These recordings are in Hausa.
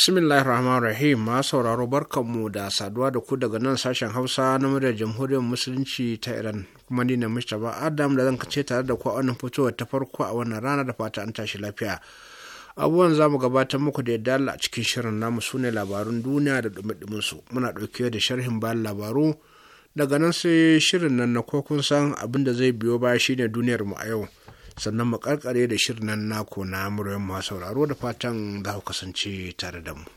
bismillahir rahmanir rahim ma sauraro barkanmu da saduwa da ku daga nan sashen hausa na muryar jamhuriyar musulunci ta iran kuma ni ne mustapha adam da zan kace tare da ku a wannan fitowar ta farko a wannan rana da fata an tashi lafiya abubuwan za mu gabatar muku da yadda a cikin shirin namu su ne labarun duniya da dumi su muna ɗauke da sharhin bayan labaru daga nan sai shirin nan na ko kun san abin da zai biyo baya shine duniyar mu a yau sannan mu karkare da shirin nan naku na muryoyin mu sauraro da fatan za ku kasance tare da mu.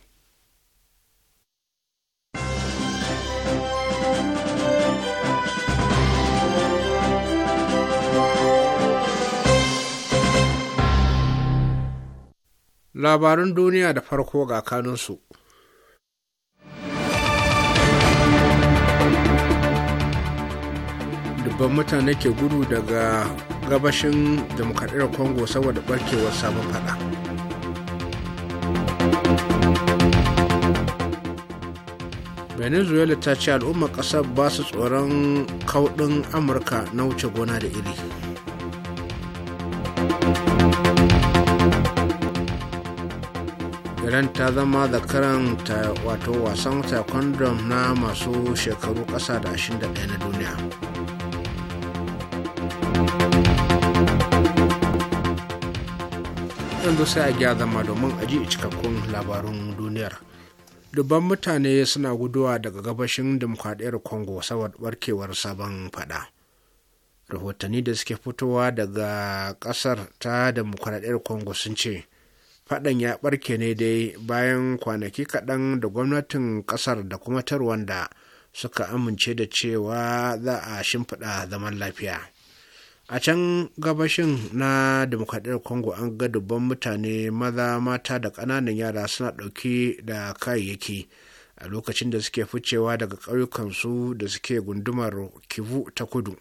Labarin duniya da farko ga kanunsu. dubban mutane ke gudu daga gabashin demokradiyyar congo saboda barkewar sabon fada venezuela ta ce al'ummar kasar ba su tsoron kaudin amurka na wuce gona da iri iran ta zama da zakaran wato wasan taekwondo na masu shekaru kasa da 21 na duniya yanzu sai a gya zama domin a ji cikakkun labarun duniyar dubban mutane suna guduwa daga gabashin demokradiyyar congo saboda barkewar sabon fada rahotanni da suke fitowa daga kasar ta demokradiyyar congo sun ce fadan ya barke ne dai bayan kwanaki kaɗan da gwamnatin kasar da kuma ta suka amince da cewa za a shimfiɗa zaman lafiya a can gabashin na demokradiyyar congo an ga dubban mutane maza mata da ƙananan yara suna ɗauke da kayayyaki a lokacin da suke ficewa daga ƙauyukansu da suke gundumar kivu ta kudu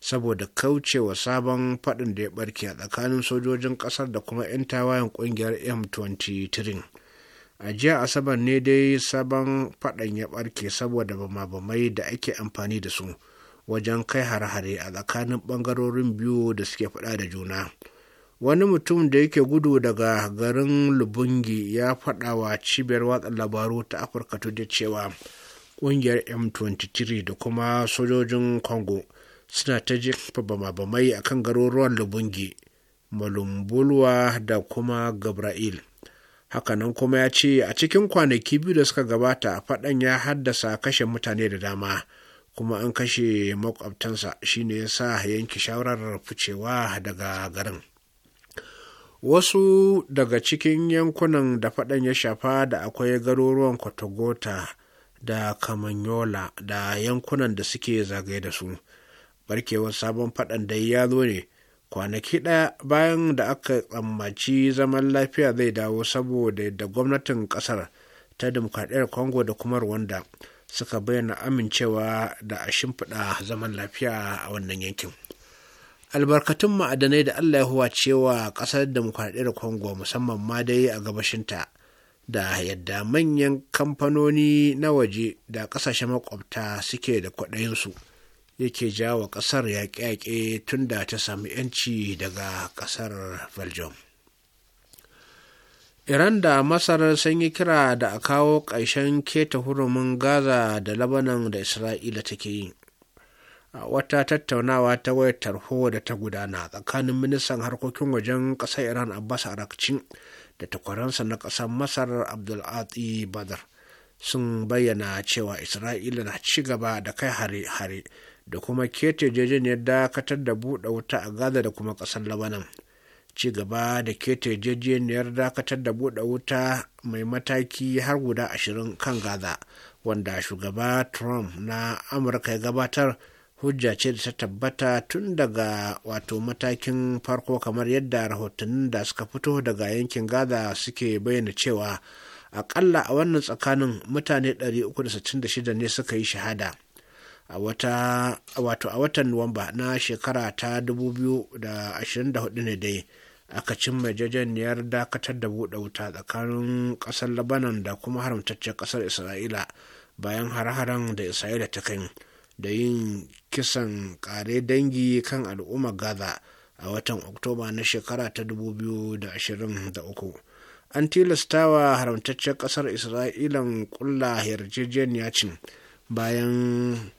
saboda kaucewa sabon faɗin da ya ɓarke a tsakanin sojojin ƙasar da kuma 'yan tawayen ƙungiyar m23 a jiya asabar ne dai sabon faɗin ya ɓarke saboda bama da ake amfani da su wajen kai har-hare a tsakanin ɓangarorin biyu da suke faɗa da juna wani mutum da yake gudu daga garin lubungi ya faɗawa wa cibiyar watsa labaru ta afirka today cewa ƙungiyar m23 da kuma sojojin congo suna ta jefa bama-bamai a kan garuruwan lubungi malumbulwa da kuma gabra'il hakanan kuma ya ce a cikin kwanaki biyu da suka gabata faɗan ya haddasa kashe mutane da dama kuma an kashe makwabtansa shine ya sa yanke shawarar ficewa daga garin wasu daga cikin yankunan da faɗan ya shafa da akwai garuruwan kwatagota da kamanyola da yankunan da suke zagaye da su barkewar sabon faɗan dai ya zo ne kwanaki ɗaya bayan da aka tsammaci zaman lafiya zai dawo saboda yadda gwamnatin ƙasar ta dimokuraɗiyar congo da kuma rwanda suka bayyana amincewa da a shimfiɗa zaman lafiya a wannan yankin albarkatun ma'adanai da allah ya huwa cewa ƙasar demokuraɗiyyar Kongo musamman ma dai a gabashinta da yadda manyan kamfanoni na waje da ƙasashen makwabta suke da kwaɗayinsu yake jawa ƙasar yaƙe-yaƙe tun da ta sami 'yanci daga ƙasar belgium iran da masar sun yi kira da a kawo ƙarshen keta hurumin gaza da labanan da isra'ila take yi a wata tattaunawa ta wayar tarho da ta gudana tsakanin ministan harkokin wajen ƙasar iran abbas Arakcin da takwaransa na ƙasar masar abdulati badar sun bayyana cewa isra'ila na ci gaba da kai hare-hare da kuma keta ya dakatar da buɗe wuta a gaza da kuma ƙasar labanan ci gaba da keta yarjejeniyar dakatar da buɗe wuta mai mataki har guda ashirin kan gaza wanda shugaba trump na amurka ya gabatar hujja ce da ta tabbata tun daga wato matakin farko kamar yadda rahotannin da suka fito daga yankin gaza suke bayyana cewa akalla a wannan tsakanin mutane 366 ne suka yi shahada a wato a watan nuwamba na shekara ta 2024 ne dai aka cimma jajeniyar dakatar da buɗe wuta tsakanin ƙasar labanan da kuma haramtaccen ƙasar isra'ila bayan har-haren da isra'ila ta kai da yin kisan ƙare dangi kan al'umma gaza a watan oktoba na shekara ta 2023 an tilasta wa haramtaccen ƙasar isra'ilan ƙulla yarjejeniya cin bayan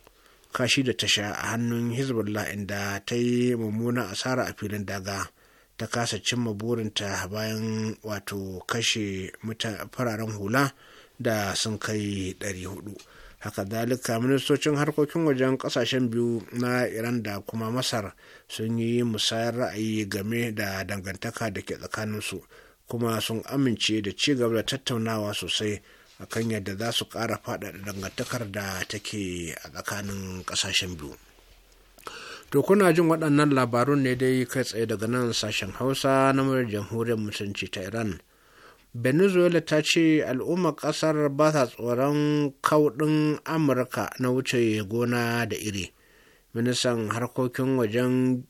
kashi da tasha a hannun hezbollah inda ta yi mummuna asara a filin daga ta kasa cimma burinta bayan wato kashe fararen hula da sun kai 400 haka dalika. ministocin harkokin wajen kasashen biyu na iran da kuma masar sun yi musayar ra'ayi game da dangantaka da ke tsakaninsu kuma sun amince da ci gaba da tattaunawa sosai akan yadda za su ƙara faɗaɗa dangantakar da take a tsakanin ƙasashen biyu to kuna jin waɗannan labarun ne dai kai tsaye daga nan sashen hausa na murar jamhuriyar musulunci ta iran venezuela ta ce al'ummar ƙasar ba ta tsoron kauɗin amurka na wuce gona da iri ministan harkokin wajen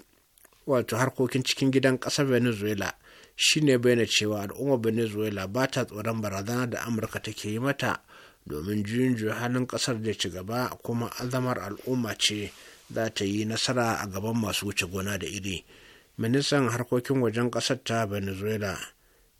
wato harkokin cikin gidan ƙasar venezuela shine bayyana cewa al'ummar venezuela ba ta tsoron barazana da amurka take yi mata domin juyin halin kasar da ci gaba kuma azamar al'umma ce za ta yi nasara a gaban masu wuce gona da iri ministan harkokin wajen kasar ta venezuela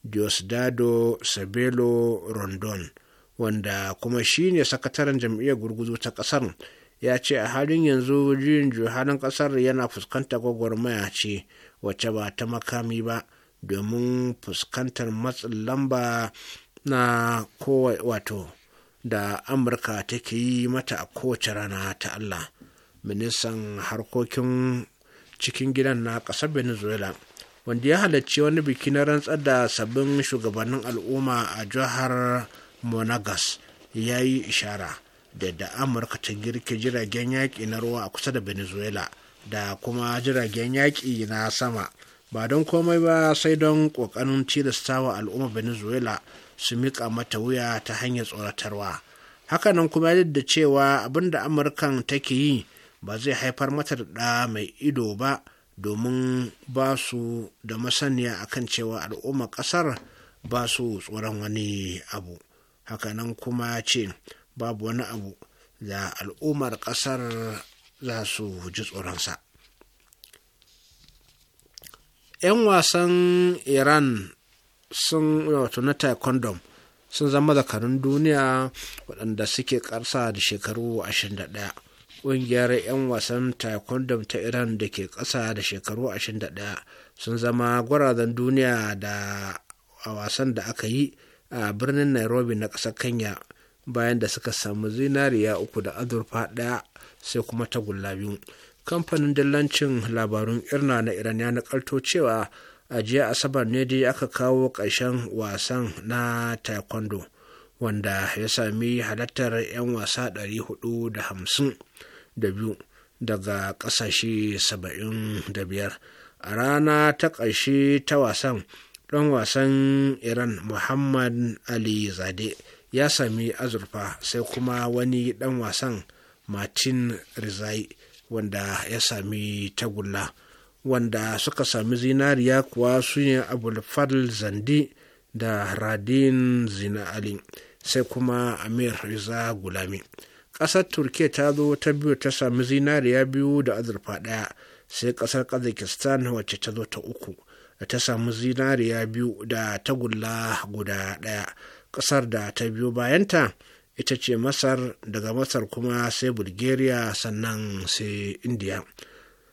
diosdado sabelo rondon wanda kuma shine sakataren jam'iyyar gurguzu ta kasar ya ce a halin yanzu juyin halin kasar yana fuskantar gwagwarmaya ce wacce ba ta makami ba domin fuskantar matsin lamba na kowa wato da amurka take yi mata a kowace rana ta allah ministan harkokin cikin gidan na ƙasar venezuela wanda ya halarci wani biki na rantsar da sabbin shugabannin al'umma a jihar monagas ya yi ishara da da amurka ta girke jiragen yaƙi na ruwa a kusa da venezuela da kuma jiragen yaƙi na sama ba don komai ba sai don ƙoƙarin wa al'ummar venezuela su miƙa mata wuya ta hanyar tsoratarwa hakanan kuma yadda cewa abin da amurkan take yi ba zai haifar mata da mai ido ba domin ba su da masaniya akan cewa al'ummar ƙasar ba su tsoron wani abu hakanan kuma ce babu wani abu da al'ummar ƙasar za su ji tsoronsa. 'yan wasan iran sun wato na taekwondo sun zama zakarun duniya waɗanda suke ƙarsa da shekaru 21 ƙungiyar 'yan wasan taekwondo ta iran da ke ƙasa da shekaru 21 sun zama gwarazan duniya da a wasan da aka yi a birnin nairobi na ƙasar kenya bayan da suka samu zinariya uku da azurfa ɗaya sai kuma tagulla biyu kamfanin dillancin labarun irna na iran ya nakalto cewa a jiya asabar ne dai aka kawo ƙarshen wasan na taekwondo wanda ya sami halartar 'yan wasa hudu da hamsin da biyu daga ƙasashe 75 a rana ta ƙarshe ta wasan ɗan wasan iran muhammad ali zade ya sami azurfa sai kuma wani ɗan wasan martin rizai wanda ya sami tagulla wanda suka sami zinariya kuwa su ne abulfadl zandi da radin zina ali sai kuma amir riza gulami ƙasar turkiya ta zo ta biyu ta sami zinariya biyu da azurfa ɗaya sai ƙasar kazakistan wacce ta zo ta uku da ta sami zinariya biyu da tagulla guda ɗaya ƙasar da ta biyu bayanta ita ce masar daga masar kuma sai bulgaria sannan sai indiya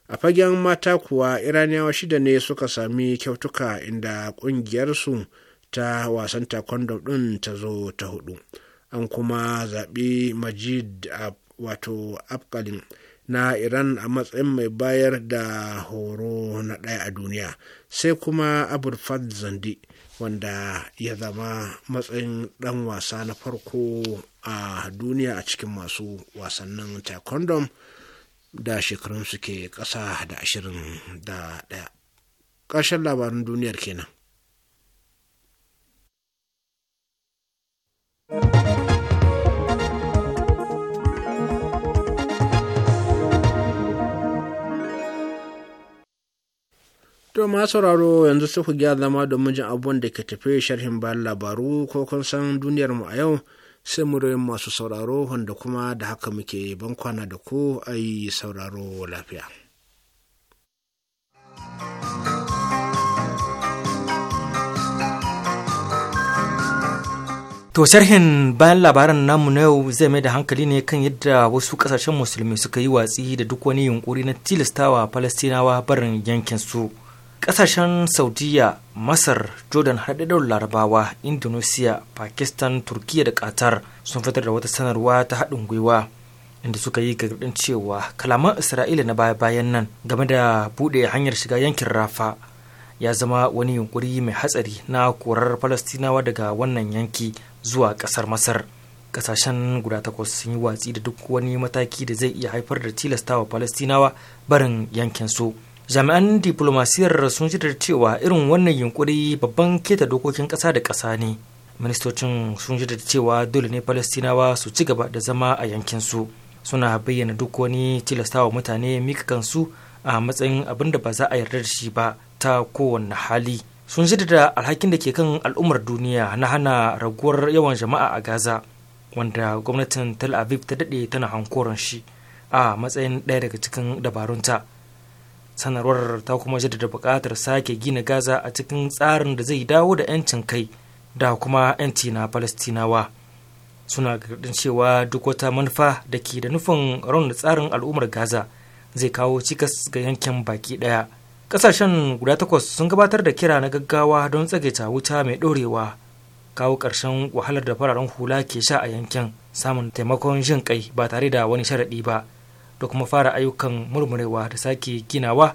a fagen mata kuwa iraniyawa shida ne suka sami kyautuka inda ƙungiyarsu ta wasan taekwondo din ta zo ta hudu an kuma zaɓi majid wato afkalin na iran a matsayin mai bayar da horo na ɗaya a duniya sai kuma abulfad zandi wanda ya zama matsayin ɗan wasa na farko a duniya a cikin masu wasannin taekwondo da shekarun suke ƙasa da ashirin da ɗaya ƙarshen labarin duniyar kenan To ma sauraro yanzu sai ku gyara zama domin jin abubuwan da ke tafe sharhin bayan labaru ko kun san duniyarmu a yau sai muryoyin masu sauraro wanda kuma da haka muke ban kwana da ku ayi sauraro lafiya. To sharhin bayan labaran namu na yau zai mai da hankali ne kan yadda wasu kasashen musulmi suka yi watsi da duk wani yunkuri na tilastawa Falastinawa barin yankinsu. su. Ƙasashen Saudiya, Masar, Jordan haɗaɗɗen Larabawa, Indonesia, Pakistan, turkiya da Qatar sun fitar da wata sanarwa ta haɗin gwiwa inda suka yi gargaɗin cewa kalaman Isra'ila na baya-bayan nan game da buɗe hanyar shiga yankin Rafa ya zama wani yunkuri mai hatsari na korar Falastinawa daga wannan yanki zuwa ƙasar Masar. Ƙasashen guda takwas sun yi watsi da duk wani mataki da zai iya haifar da tilastawa Falastinawa barin yankin su. jami'an diplomasiyar sun da cewa irin wannan yunkuri babban keta dokokin ƙasa da ƙasa ne ministocin sun da cewa dole ne palestinawa su ci gaba da zama a yankinsu suna bayyana duk wani tilastawa mutane mika kansu a matsayin abin da ba za a yarda da shi ba ta kowane hali sun ji da alhakin da ke kan al'ummar duniya na hana raguwar yawan jama'a a gaza wanda gwamnatin tel aviv ta daɗe tana hankoron shi a matsayin ɗaya daga cikin dabarunta sanarwar ta kuma jaddada buƙatar sake gina gaza a cikin tsarin da zai dawo da 'yancin kai da kuma 'yanci na falastinawa suna gargaɗin cewa duk wata manufa da ke da nufin raunin tsarin al'ummar gaza zai kawo cikas ga yankin baki ɗaya ƙasashen guda takwas sun gabatar da kira na gaggawa don tsage ta wuta mai ɗorewa kawo ƙarshen wahalar da fararen hula ke sha a yankin samun taimakon jin kai ba tare da wani sharaɗi ba da kuma fara ayyukan murmurewa da sake ginawa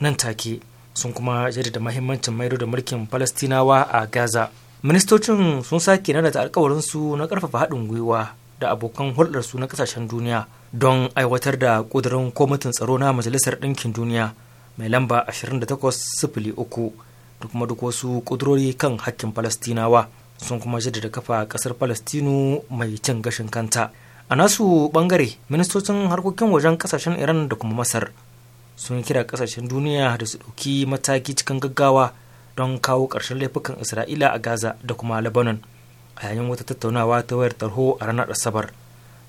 nan take sun kuma jaddada mahimmancin maido da mulkin falastinawa a gaza ministocin sun sake nanata alkawarinsu na karfafa haɗin gwiwa da abokan hulɗarsu na ƙasashen duniya don aiwatar da ƙudurin kwamitin tsaro na majalisar ɗinkin duniya mai lamba 28.3 da kuma duk wasu ƙudurori kan hakkin falastinawa sun kuma jaddada kafa ƙasar falastinu mai cin gashin kanta a nasu bangare ministocin harkokin wajen kasashen iran da kuma masar sun kira kasashen duniya da su dauki mataki cikin gaggawa don kawo karshen laifukan isra'ila a gaza da kuma lebanon a yayin wata tattaunawa ta wayar tarho a ranar asabar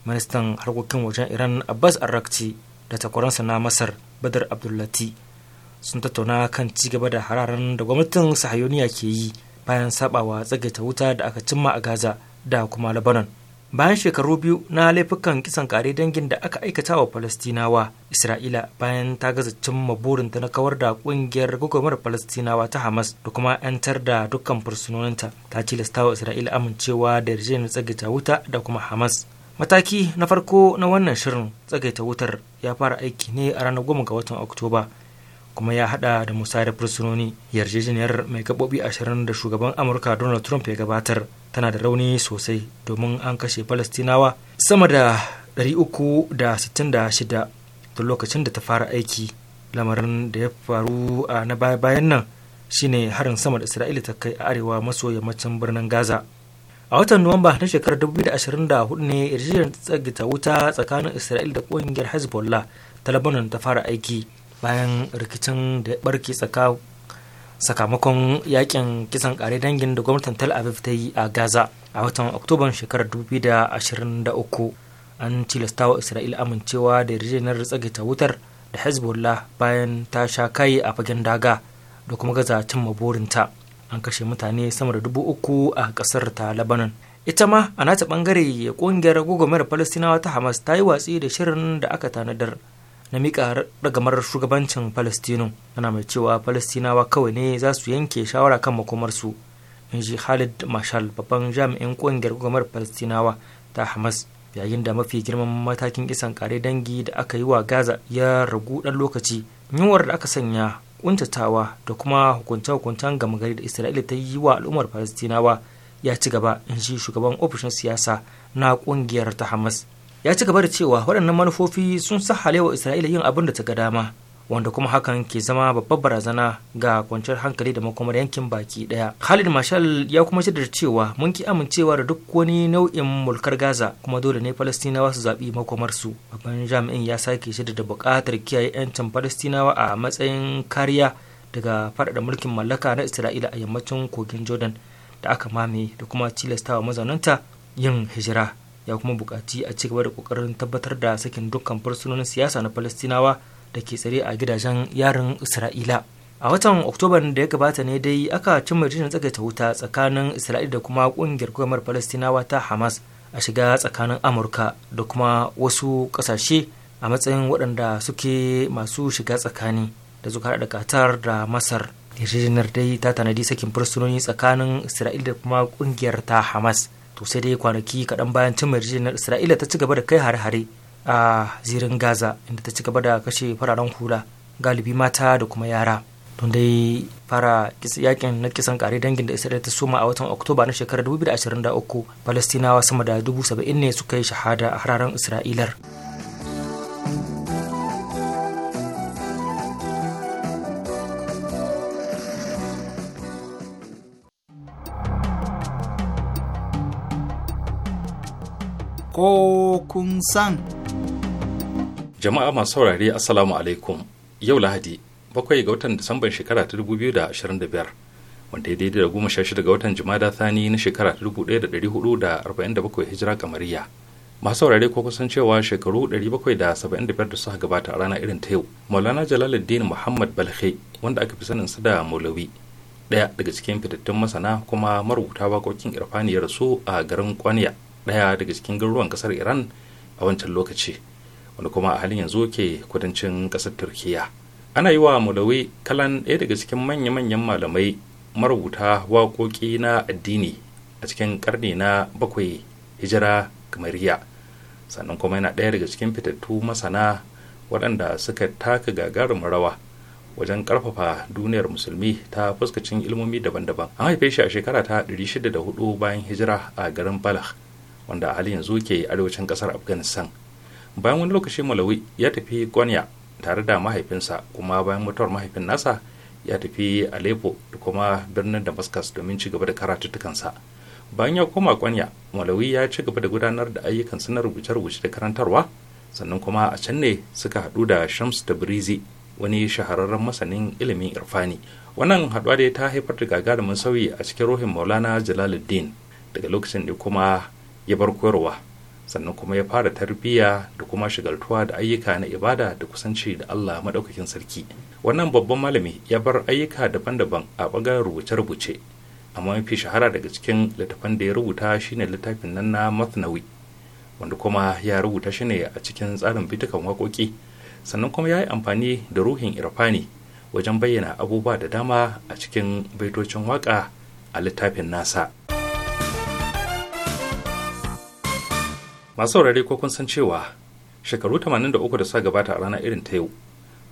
ministan harkokin wajen iran abbas arrakci da takwaransa na masar badar abdullati sun tattauna kan ci gaba da hararen da gwamnatin sahayoniya ke yi bayan sabawa tsagaita wuta da aka cimma a gaza da kuma lebanon bayan shekaru biyu na laifukan kisan kare dangin da aka aikata wa falastinawa isra'ila bayan ta gaza cimma burinta na kawar da kungiyar gwagwarmar falastinawa ta hamas da kuma 'yantar da dukkan fursunoninta ta tilasta wa isra'ila amincewa da yarjejeniyar tsagaita wuta da kuma hamas mataki na farko na wannan shirin tsagaita wutar ya fara aiki ne a ranar goma ga watan oktoba kuma ya hada da musayar fursunoni yarjejeniyar mai gabobi ashirin da shugaban amurka donald trump ya gabatar tana da rauni sosai domin an kashe palestinawa. sama da 366 tun lokacin da ta fara aiki lamarin da ya faru a na baya-bayan nan shine harin sama da isra'ila ta kai a arewa maso yammacin birnin gaza a watan nuwamba na shekarar 2024 ne yarjejeniyar tsagita wuta tsakanin isra'ila da ƙungiyar hezbollah ta lebanon ta fara aiki bayan rikicin da barke tsaka sakamakon yakin kisan kare dangin da gwamnatin tel aviv ta yi a gaza a watan oktoban shekarar da uku an tilasta wa isra'il amincewa da yarjejeniyar tsagaita wutar da hezbollah bayan ta sha kai a fagen daga da kuma gaza cimma burinta an kashe mutane sama da dubu uku a kasar ta labanan ita ma a nata bangare kungiyar gugumar falastinawa ta hamas ta yi watsi da shirin da aka tanadar na miƙa ragamar shugabancin palestinu ana mai cewa palestinawa kawai ne za su yanke shawara kan makomarsu in ji khalid marshal babban jami'in ƙungiyar gwamnar palestinawa ta hamas yayin da mafi girman matakin isan kare dangi da aka yi wa gaza ya ragu ɗan lokaci yunwar da aka sanya kuntatawa da kuma hukunce-hukuncen gama gari da isra'ila ta yi wa al'ummar palestinawa ya ci gaba in ji shugaban ofishin siyasa na ƙungiyar ta hamas ya ci gaba da cewa waɗannan manufofi sun sa wa isra'ila yin abin da ta ga dama wanda kuma hakan ke zama babbar barazana ga kwanciyar hankali da makomar yankin baki daya khalid marshal ya kuma shaidar cewa mun ki amincewa da duk wani nau'in mulkar gaza kuma dole ne falastinawa su zaɓi makomar su babban jami'in ya sake shaidar da buƙatar kiyaye 'yancin falastinawa a matsayin kariya daga faɗaɗa mulkin mallaka na isra'ila a yammacin kogin jordan da aka mame da kuma tilastawa mazaunanta yin hijira ya kuma bukaci a ci gaba da kokarin tabbatar da sakin dukkan fursunonin siyasa na falastinawa da ke tsare a gidajen yarin isra'ila a watan oktoban da ya gabata ne dai aka cimma yarjejeniyar tsagaita wuta tsakanin isra'ila da kuma kungiyar gwamnatin falastinawa ta hamas a shiga tsakanin amurka da kuma wasu kasashe a matsayin waɗanda suke masu shiga tsakani da suka da katar da masar yarjejeniyar dai ta tanadi sakin fursunoni tsakanin isra'ila da kuma kungiyar ta hamas to sai dai kwanaki kaɗan bayan cin yarjejeniyar isra'ila ta ci gaba da kai hare-hare a zirin gaza inda ta ci gaba da kashe fararen hula galibi mata da kuma yara don dai fara yakin na kisan kare dangin da isra'ila ta soma a watan oktoba na shekarar 2023 palestinawa sama da 70,000 ne suka yi shahada a hararen isra'ilar ko kun san. Jama'a masu saurare Assalamu alaikum yau Lahadi bakwai ga watan Disamban shekara ta 2025 wanda ya daidai da goma sha shida ga watan Jumada Thani na shekara ta 1447 hijira kamariya. Masu saurare ko kusan cewa shekaru 775 da suka gabata a rana irin ta yau. Maulana Jalaluddin Muhammad balhe wanda aka fi sanin su da Maulawi ɗaya daga cikin fitattun masana kuma marubuta waƙoƙin irfaniyar su a garin Kwaniya ɗaya daga cikin garuruwan ƙasar iran a wancan lokaci wanda kuma a halin yanzu ke kudancin ƙasar turkiya ana yi wa mulawi kalan ɗaya daga cikin manya-manyan malamai marubuta waƙoƙi na addini a cikin ƙarni na bakwai hijira kamariya sannan kuma yana ɗaya daga cikin fitattu masana waɗanda suka taka gagarumin rawa wajen ƙarfafa duniyar musulmi ta fuskacin ilmomi daban-daban an haife shi a shekara ta 604 bayan hijira a garin balagh wanda a halin yanzu ke arewacin kasar afghanistan bayan wani lokaci malawi ya tafi gwanya tare da mahaifinsa kuma bayan mutuwar mahaifin nasa ya tafi aleppo da kuma birnin damascus domin ci gaba da karatuttukansa bayan ya koma kwanya malawi ya ci gaba da gudanar da ayyukan na rubuce-rubuce da karantarwa sannan kuma a can ne suka haɗu da shams da birizi wani shahararren masanin ilimin irfani wannan haɗuwa dai ta haifar da gagarumin sauyi a cikin ruhin maulana jalaluddin daga lokacin da kuma ya bar koyarwa sannan kuma ya fara tarbiyya da kuma shigaltuwa da ayyuka na ibada da kusanci da Allah maɗaukakin sarki wannan babban malami ya bar ayyuka daban-daban a ɓangaren rubuce-rubuce amma mafi shahara daga cikin littafan da ya rubuta shine littafin nan na Mathnawi wanda kuma ya rubuta shi ne a cikin tsarin bitukan waƙoƙi sannan kuma ya yi amfani da ruhin irfani wajen bayyana abubuwa da dama a cikin baitocin waƙa a littafin nasa. masu saurare ko kun san cewa shekaru 83 da suka gabata a rana irin ta yau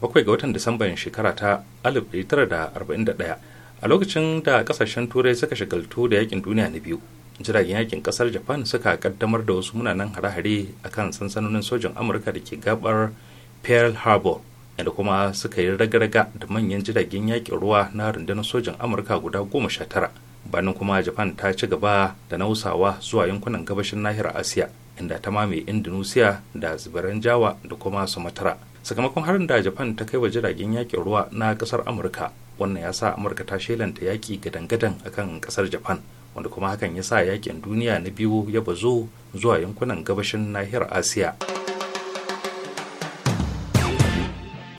bakwai ga watan disamban shekara ta 1941 a lokacin da kasashen turai suka shagaltu da yakin duniya na biyu jiragen yakin kasar japan suka kaddamar da wasu munanan hare-hare akan sansanonin sojan amurka da ke gabar pearl harbor inda kuma suka yi raga-raga da manyan jiragen yakin ruwa na rundunar sojan amurka guda goma sha tara bannin kuma japan ta ci gaba da nausawa zuwa yankunan gabashin nahiyar asiya inda ta mame indonesia da tsibiran jawa da kuma sumatra sakamakon harin da japan ta kai wa jiragen yakin ruwa na kasar amurka wannan ya sa amurka ta shelanta yaki gadan-gadan akan kasar japan wanda kuma hakan ya sa yakin duniya na biyu ya bazo zuwa yankunan gabashin nahiyar asiya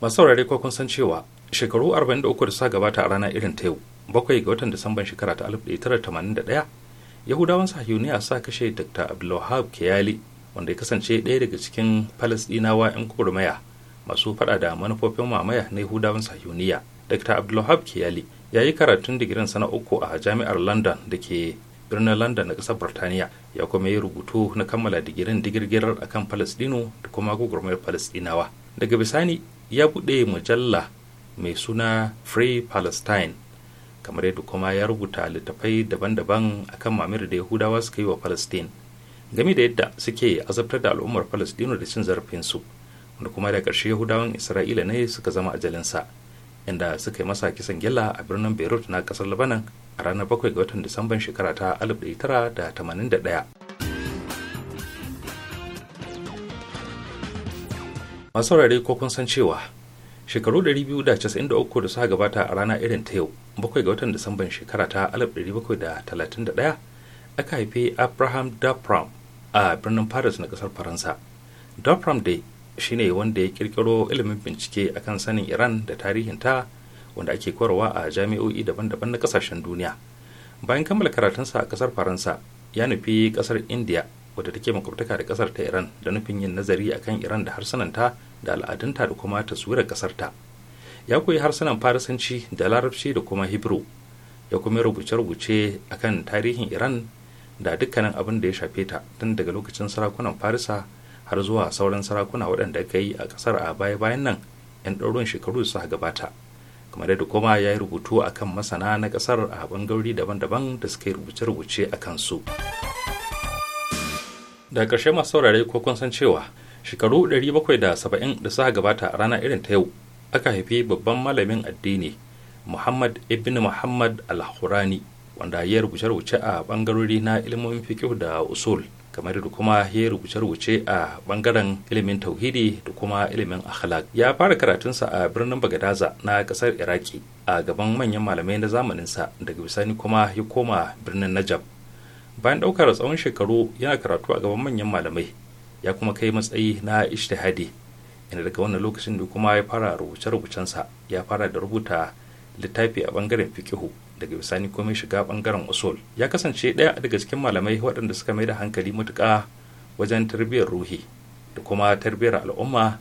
masu ko kun san cewa shekaru 43 da sa gabata a rana irin ta yau bakwai ga watan disamban shekara ta 1981 yahudawan sahiyuniya sa kashe dr abdulwahab kiyali wanda ya kasance ɗaya daga cikin falasɗinawa 'yan kurmaya masu faɗa da manufofin mamaya na yahudawan sahiyuniya dr abdulwahab kiyali ya yi karatun digirin sana uku a jami'ar london da ke birnin london na ƙasar Birtaniya ya kuma yi rubutu na kammala digirin digirgirar akan falasɗinu da kuma gurmayar falasɗinawa daga bisani ya buɗe mujalla mai suna free palestine kamar yadda kuma ya rubuta littafai daban-daban a kan mamir da yahudawa suka yi wa palestine game da yadda suke azabtar da al'ummar palestine da cin zarafinsu wanda kuma da ƙarshe yahudawan isra'ila ne suka zama ajalinsa inda suka yi masa kisan gyalla a birnin beirut na kasar labanan a ranar 7 ga watan disamban shekara ta 1981 masu ko kun san cewa shekaru 293 da suka gabata a rana irin ta yau bakwai ga watan disamban shekara ta 1731 aka haife abraham dapram a birnin paris na kasar faransa dapram dai shine wanda ya kirkiro ilimin bincike akan sanin iran da tarihin ta wanda ake korowa a jami'o'i daban-daban na kasashen duniya bayan kammala karatunsa a kasar faransa ya nufi kasar india wadda take makwabtaka da kasar ta iran da nufin yin nazari akan iran da harsunanta da al'adunta da kuma taswirar ƙasarta ya koyi harsunan farisanci da larabci da kuma hebrew ya kuma rubuce-rubuce akan tarihin iran da dukkanin abin da ya shafe ta tun daga lokacin sarakunan farisa har zuwa sauran sarakuna waɗanda aka yi a ƙasar a baya-bayan nan 'yan ɗaurin shekaru su gabata kamar da kuma ya yi rubutu akan masana na kasar a bangarori daban-daban da suka yi rubuce-rubuce a kansu da ƙarshe masu saurare ko kun san cewa shekaru 770 da suka gabata a rana irin ta yau aka haifi babban malamin addini muhammad ibn muhammad al-hurani wanda ya rubuce-rubuce a bangarori na ilimin fiqh da usul kamar da kuma ya rubuce-rubuce a bangaren ilimin tauhidi da kuma ilimin akhlaq ya fara karatunsa a birnin bagadaza na kasar iraki a gaban manyan malamai na zamaninsa daga bisani kuma ya koma birnin najab bayan ɗaukar tsawon shekaru yana karatu a gaban manyan malamai ya kuma kai matsayi na ishtihadi inda daga wannan lokacin da kuma ya fara rubuce-rubucensa ya fara da rubuta littafi a bangaren fikihu daga bisani komai shiga bangaren usul ya kasance ɗaya daga cikin malamai waɗanda suka mai da hankali matuƙa wajen tarbiyyar ruhi da kuma tarbiyyar al'umma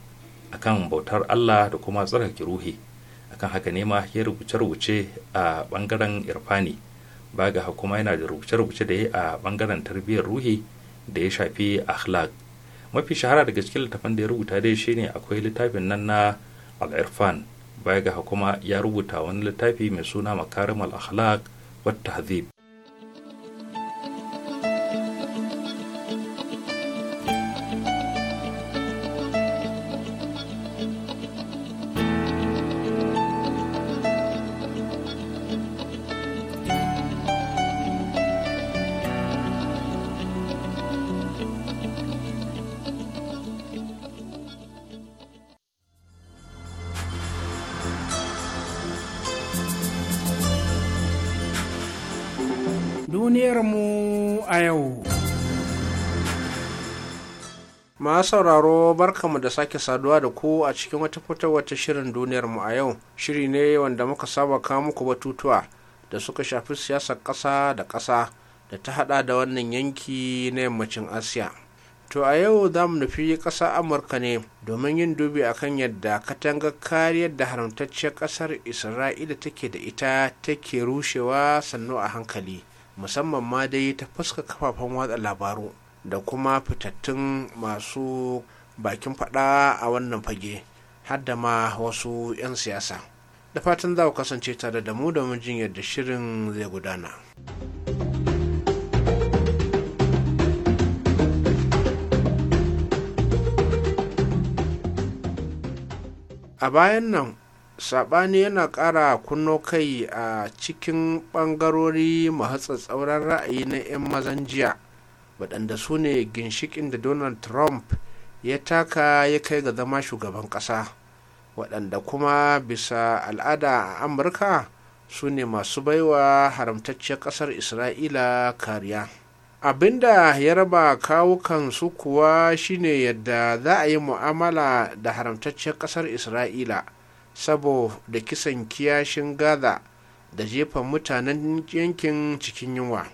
akan bautar Allah da kuma tsarkake ruhi akan haka ne ma ya rubuce-rubuce a bangaren irfani ba ga kuma yana da rubuce-rubuce da ya a bangaren tarbiyyar ruhi da ya shafi akhlaq mafi shahara daga cikin littafin da ya rubuta dai shine akwai littafin nan na al-irfan baya ga hakuma ya rubuta wani littafi mai suna makarim al-akhlaq wa masu sauraro barkamu da sake saduwa da ku a cikin wata fata wata shirin duniyar mu a yau shiri ne wanda muka saba kawo muku batutuwa da suka shafi siyasar ƙasa da ƙasa da ta hada da wannan yanki na yammacin asiya to a yau za mu nufi ƙasa amurka ne domin yin dubi a kan yadda katangar kariyar da haramtacciyar ƙasar isra'ila take da ita take rushewa sannu a hankali musamman ma dai ta fuska kafafen watsa labaru da kuma fitattun masu bakin fada a wannan fage har da ma wasu 'yan siyasa da fatan za ku kasance tare da mu da mijin yadda shirin zai gudana. a bayan nan saɓani yana ƙara kunno kai a cikin ɓangarori tsauran ra'ayi na 'yan mazan jiya waɗanda su ne ginshikin da donald trump ya taka ya kai ga zama shugaban ƙasa waɗanda kuma bisa al'ada a amurka su ne masu baiwa haramtacciyar ƙasar isra'ila kariya abinda ya raba kawukan su kuwa shine yadda za a yi mu'amala da haramtacciyar ƙasar isra'ila saboda kisan kiyashin gaza da jefan mutanen yankin cikin yunwa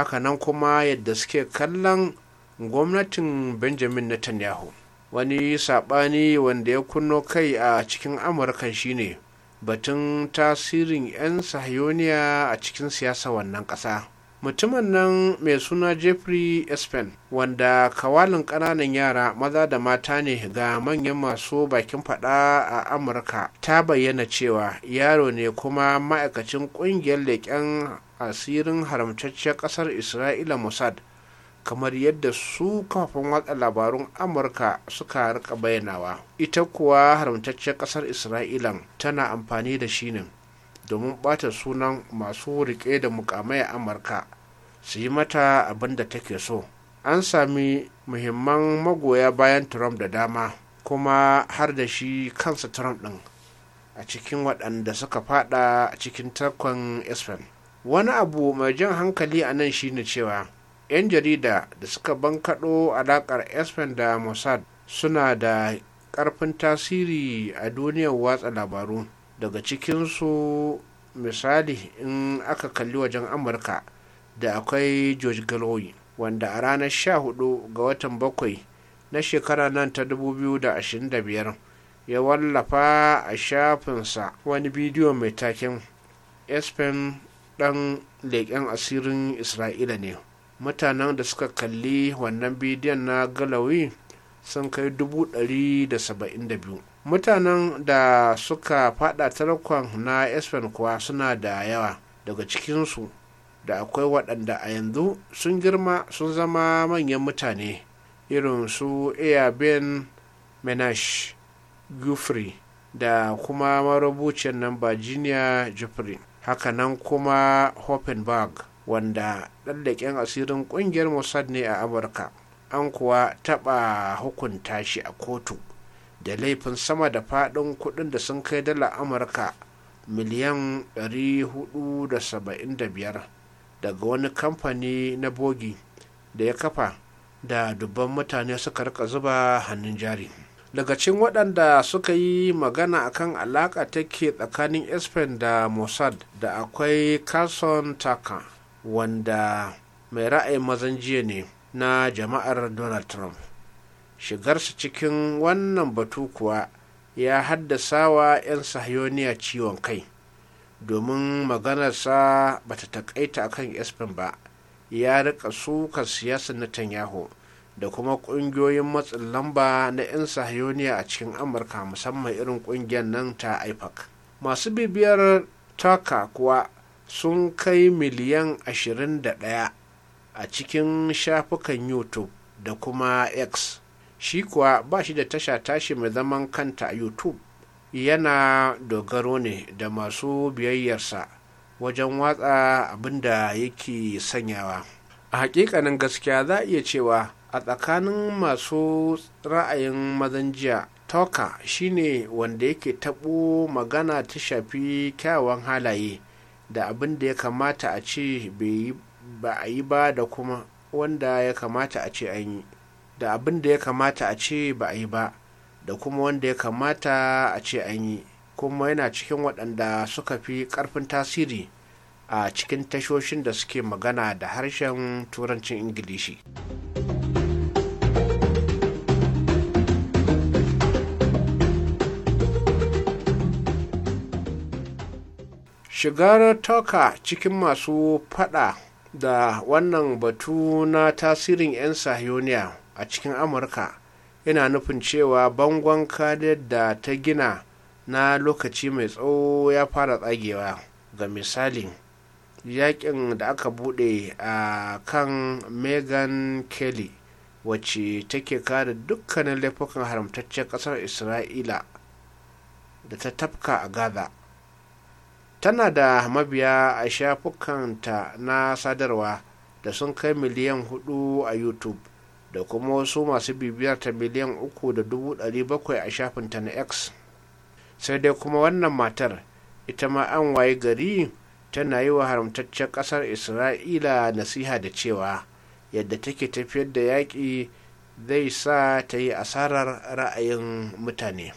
hakanan kuma yadda suke kallon gwamnatin benjamin netanyahu wani saɓani wanda ya kunno kai a cikin amurka shine batun tasirin 'yan sahiyoniya a cikin siyasa wannan ƙasa mutumin nan mai suna jeffrey espen wanda kawalin kananan yara maza da mata ne ga manyan masu bakin fada a amurka ta bayyana cewa yaro ne kuma ma'aikacin kungiyar leƙen asirin haramtacciyar ƙasar isra'ila mossad kamar yadda su kafin watsa labarun amurka suka rika bayyanawa ita kuwa haramtacciyar ƙasar isra'ilan tana amfani da shi ne domin ɓata sunan masu riƙe da mukamai a amurka su yi mata abin da take so an sami muhimman magoya bayan trump da dama kuma har da shi kansa trump ɗin a cikin waɗanda suka fada a cikin takon espen wani abu mai jan hankali a nan shine cewa 'yan jarida da suka bankaɗo alaƙar espen da mossad suna da ƙarfin tasiri a duniyar watsa labaru daga cikinsu misali in aka kalli wajen amurka da akwai george galloway wanda a ranar 14 ga watan bakwai na shekara nan ta 2025 ya wallafa a shafinsa wani bidiyo mai taken espen dan leƙen asirin isra'ila ne mutanen da suka kalli wannan bidiyon na galawi sun kai 172 mutanen da suka fada tarkon na espen kuwa suna da yawa daga cikinsu da akwai waɗanda a yanzu sun girma sun zama manyan mutane irin su ben menash gufri da kuma marubuciyar nan virginia jeffrey hakanan kuma hoppenberg wanda ɗallaken asirin ƙungiyar mossad ne a amurka an kuwa taɓa hukunta shi a kotu da laifin sama da faɗin kuɗin da sun kai dala amurka miliyan 475 daga wani kamfani na bogi da ya kafa da dubban mutane suka rika zuba hannun jari daga cikin waɗanda suka yi magana akan alaƙa take tsakanin espen da mossad da akwai carson taka wanda mai ra'ayin mazan jiya ne na jama'ar donald trump shigarsa cikin wannan batu kuwa ya haddasa wa 'yan sahiyoniya ciwon kai domin maganarsa ba ta takaita akan espen ba ya rika siyasa na Tanyaho da kuma kungiyoyin matsin lamba na 'yan sahiyoniya a cikin amurka musamman irin kungiyar nan ta ipac masu bibiyar taka kuwa sun kai miliyan 21 a cikin shafukan youtube da kuma x shi kuwa ba shi da tasha tashi mai zaman kanta a youtube yana dogaro ne da masu biyayyarsa wajen watsa abin da yake sanyawa a hakikanin gaskiya za a iya cewa a tsakanin masu ra'ayin mazan jiya toka shine wanda yake taɓo magana ta shafi kyawawan halaye da abin da ya kamata a ce ba a yi ba da kuma wanda ya kamata a ce an yi da abin da ya kamata a ce ba a yi ba da kuma wanda ya kamata a ce an yi kuma yana cikin waɗanda suka fi ƙarfin tasiri a cikin tashoshin da suke magana da harshen turancin ingilishi shigar toka cikin masu fada da wannan batu na tasirin 'yan sahiyoniya a cikin amurka yana nufin cewa bangon kariyar da ta gina na lokaci mai tsawo ya fara tsagewa ga misali yakin da aka bude a kan megan kelly wacce take kare dukkanin laifukan haramtaccen kasar isra'ila da ta tafka a gaza tana da mabiya a shafukanta na sadarwa da sun kai miliyan hudu a youtube da kuma wasu masu bibiyar ta miliyan uku da dubu ɗari bakwai a shafinta na x sai dai kuma wannan matar ita ma an waye gari tana yi wa haramtaccen ƙasar isra'ila nasiha da cewa yadda take tafiyar da yaƙi zai sa ta yi asarar ra'ayin mutane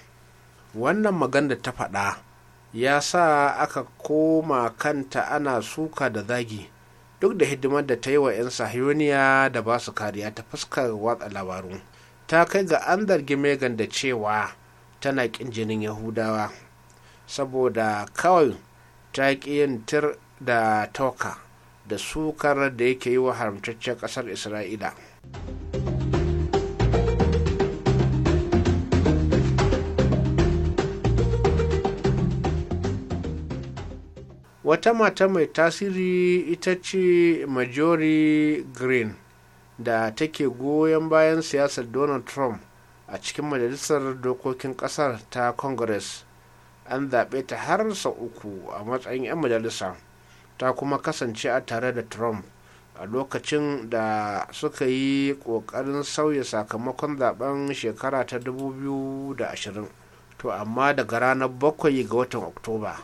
wannan maganda ta faɗa ya sa aka koma kanta ana suka da zagi duk da hidimar da ta yi wa 'yan sahiyoniya da ba su kariya ta fuskar watsa labaru ta kai ga an zargi megan da cewa tana ƙin jinin yahudawa saboda kawai ta ƙi yin tir da toka da sukar da yake yi wa haramtaccen ƙasar isra'ila wata mata mai tasiri ita ce majori green da take goyon bayan siyasar donald trump a cikin majalisar dokokin kasar ta congress an zaɓe ta har sau uku a matsayin 'yan majalisa ta kuma kasance a tare da trump a lokacin da suka yi ƙoƙarin sauya sakamakon zaben shekara ta 2020 to amma daga ranar bakwai ga watan oktoba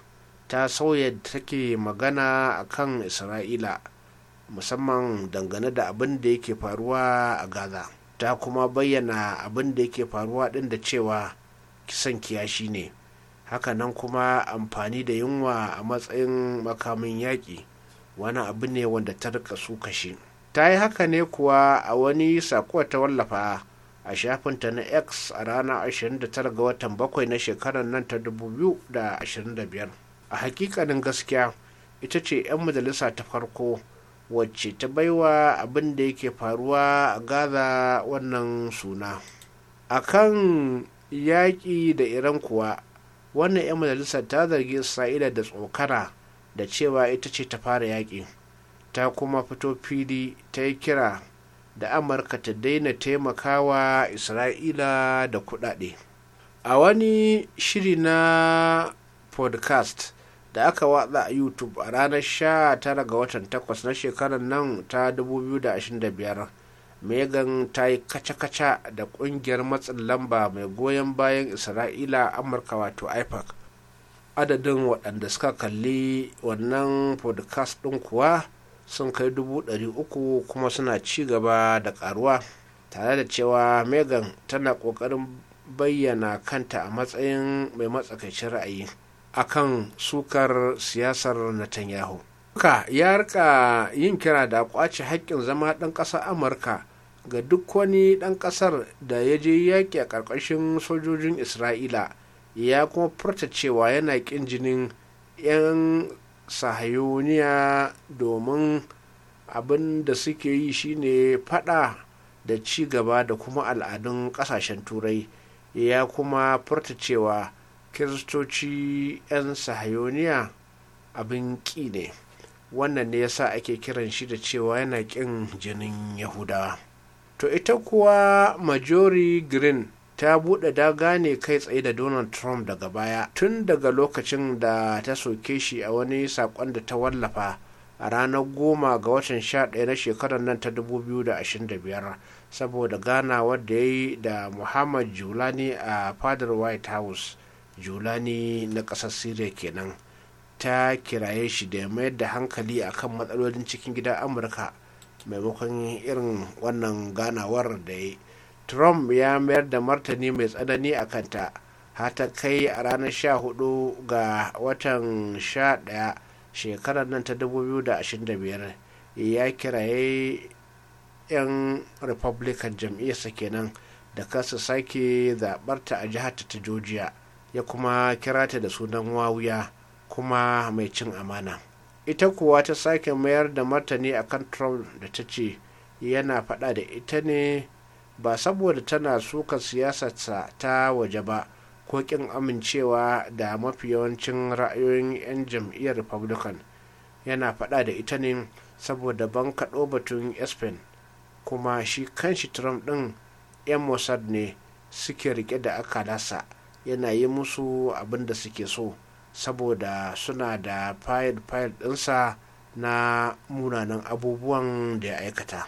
ta sauya take magana a kan isra'ila musamman dangane da abin da yake faruwa a gaza ta kuma bayyana abin da yake faruwa din da cewa kisan kiyashi ne hakanan kuma amfani da yunwa a matsayin makamin yaƙi wani abu ne wanda ta rika su kashe ta yi haka ne kuwa a wani sako ta wallafa a shafinta na x a ranar 29 ga watan 7 na shekarar nan ta 2025 a hakikanin gaskiya ita ce 'yan majalisa ta farko wacce ta baiwa abin da yake faruwa a gaza wannan suna a kan yaƙi da iran kuwa wannan 'yan majalisa ta zargi isra'ila da tsokara da cewa ita ce ta fara yaƙi ta kuma fito fili ta yi kira da amurka ta daina taimakawa isra'ila da kuɗaɗe a wani shiri na podcast da aka watsa a youtube a ranar 19 ga watan 8 na shekarar nan ta 2025 megan ta yi kaca-kaca da kungiyar matsin lamba mai goyon bayan isra'ila amurka wato ipac adadin waɗanda suka kalli wannan podcast ɗin kuwa sun kai dubu ɗari uku kuma suna ci gaba da ƙaruwa tare da cewa megan tana ƙoƙarin bayyana kanta a matsayin mai matsakaicin ra'ayi akan sukar siyasar netanyahu Ka ya rika yin kira da kwace haƙƙin zama ɗan ƙasar amurka ga duk wani ɗan ƙasar da ya je yaƙi a ƙarƙashin sojojin isra'ila ya kuma furta cewa yana ƙin jinin 'yan sahayoniya domin abin da suke yi shine faɗa da ci gaba da kuma al'adun ƙasashen turai ya kuma furta cewa kiristoci 'yan sahayoniya abin ƙi ne wannan ne yasa ake kiran shi da cewa yana ƙin jinin yahudawa to ita kuwa majori green ta buɗe daga ne kai tsaye da donald trump daga baya tun daga lokacin da ta soke shi a wani saƙon da ta wallafa a ranar goma ga watan sha ɗaya na shekarar nan ta 2025 saboda ganawar da ya yi da muhammad julani a fadar white house julani na ƙasar syria kenan ta kiraye shi da mayar da hankali akan matsalolin cikin gidan amurka maimakon irin wannan ganawar da ya trump ya mayar da martani mai tsanani a kanta hata kai a ranar 14 ga watan 11 shekarar nan ta 2025 ya kiraye 'yan republican jam'iyyarsa kenan da kasa sake zaɓarta a jihar ta georgia ya kuma kira ta da sunan wawuya kuma mai cin amana ita kuwa ta sake mayar da martani akan trump da ta ce yana faɗa da ita ne ba saboda tana suka siyasarsa ta waje ba ko kin amincewa da mafi yawancin ra'ayoyin 'yan jam'iyyar republican yana faɗa da ita ne saboda ban kaɗo batun espen kuma shi kanshi trump ɗin 'yan mossad ne suke rike da aka akalasa yana yi musu abin da suke so saboda suna da fayil-fayil ɗinsa na munanan abubuwan da ya aikata.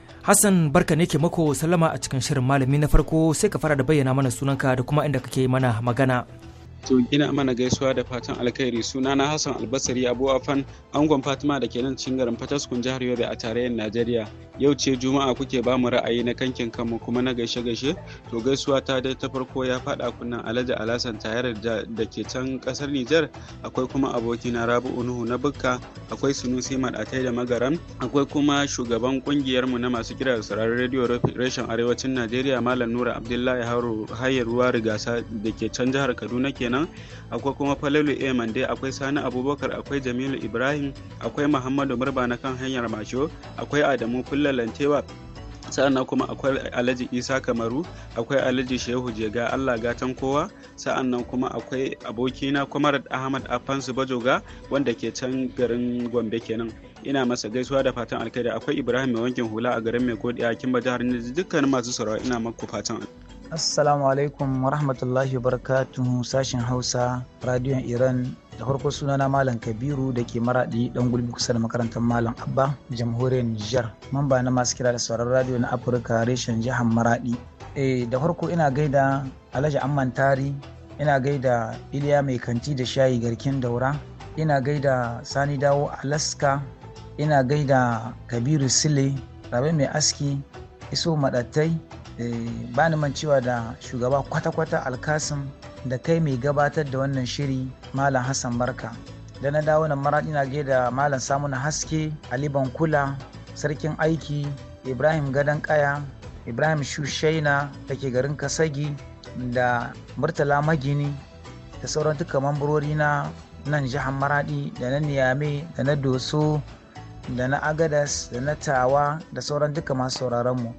Hassan barka ne ke mako salama a cikin shirin malami na farko sai ka fara da bayyana mana sunanka da kuma inda kake mana magana. to ina mana gaisuwa da fatan alkhairi suna na Hassan Albasari Abu Afan angon Fatima da ke nan cikin garin Fataskun jihar Yobe a tarayyar Najeriya yau ce Juma'a kuke ba mu ra'ayi na kankin kanmu kuma na gaishe gaishe to gaisuwa ta dai ta farko ya faɗa kunnan Alhaji Alasan tayar da ke can kasar Nijar akwai kuma abokina Rabi'u Nuhu na Bukka akwai Sunusi Madatai da Magaran akwai kuma shugaban kungiyar mu na masu kira da sauraron rediyo reshen arewacin Najeriya Malam Nura Abdullahi Hayar Ruwa Rigasa da ke can jihar Kaduna kenan kenan akwai kuma falalu a mande akwai sani abubakar akwai jamilu ibrahim akwai muhammadu murba na kan hanyar masho akwai adamu kullalantewa sa'annan kuma akwai alhaji isa kamaru akwai alhaji shehu jega allah gatan kowa sa'annan kuma akwai abokina kwamarat ahmad afansu bajoga wanda ke can garin gombe kenan ina masa gaisuwa da fatan alkaida akwai ibrahim mai wankin hula a garin mai godiya kimba jihar dukkanin masu sauraro ina maku fatan alkaida Assalamu alaikum wa rahmatullahi wa sashen Hausa radiyon Iran da farko sunana Malam Kabiru da ke maraɗi ɗan gulbi kusa da makarantar Malam Abba jamhuriyar Nijar mamba na masu kira da sauran radiyo na Afirka reshen jihar maraɗi. Eh da farko ina gaida Alhaji Amman Tari ina gaida Iliya Mai Kanti da Shayi Garkin Daura ina gaida Sani Dawo Alaska ina gaida Kabiru Sile Rabe Mai Aski Iso Maɗattai Eh, ba ni cewa da shugaba kwata-kwata alkasim da kai mai gabatar da wannan shiri malam hassan barka da na dawo nan mara ina da malam samuna haske ali Kula, sarkin aiki ibrahim gadon kaya ibrahim shushaina da ke garin kasagi da murtala magini da sauran duka mambarori na nan jihar maradi da na niyame da na doso da na agadas da na tawa da sauran duka masu sauraron mu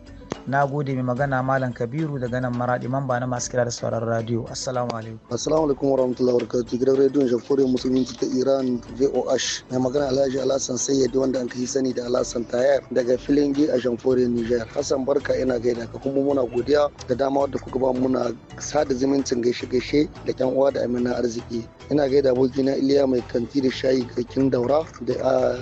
na gode mai magana malam kabiru daga nan maradi mamba na masu kira da sauran radio assalamu alaikum assalamu alaikum wa barakatuh gidan rediyon jamhuriyar musulunci ta iran voh mai magana alhaji alhassan sayyadi wanda an kai sani da alhassan tayar daga filin gi a jamhuriyar niger hassan barka ina gaida ka kuma muna godiya da dama wadda kuka ba muna sada zumuncin gaishe gaishe da kyan uwa da amina arziki ina gaida abokina iliya mai kanti da shayi kakin daura da ah,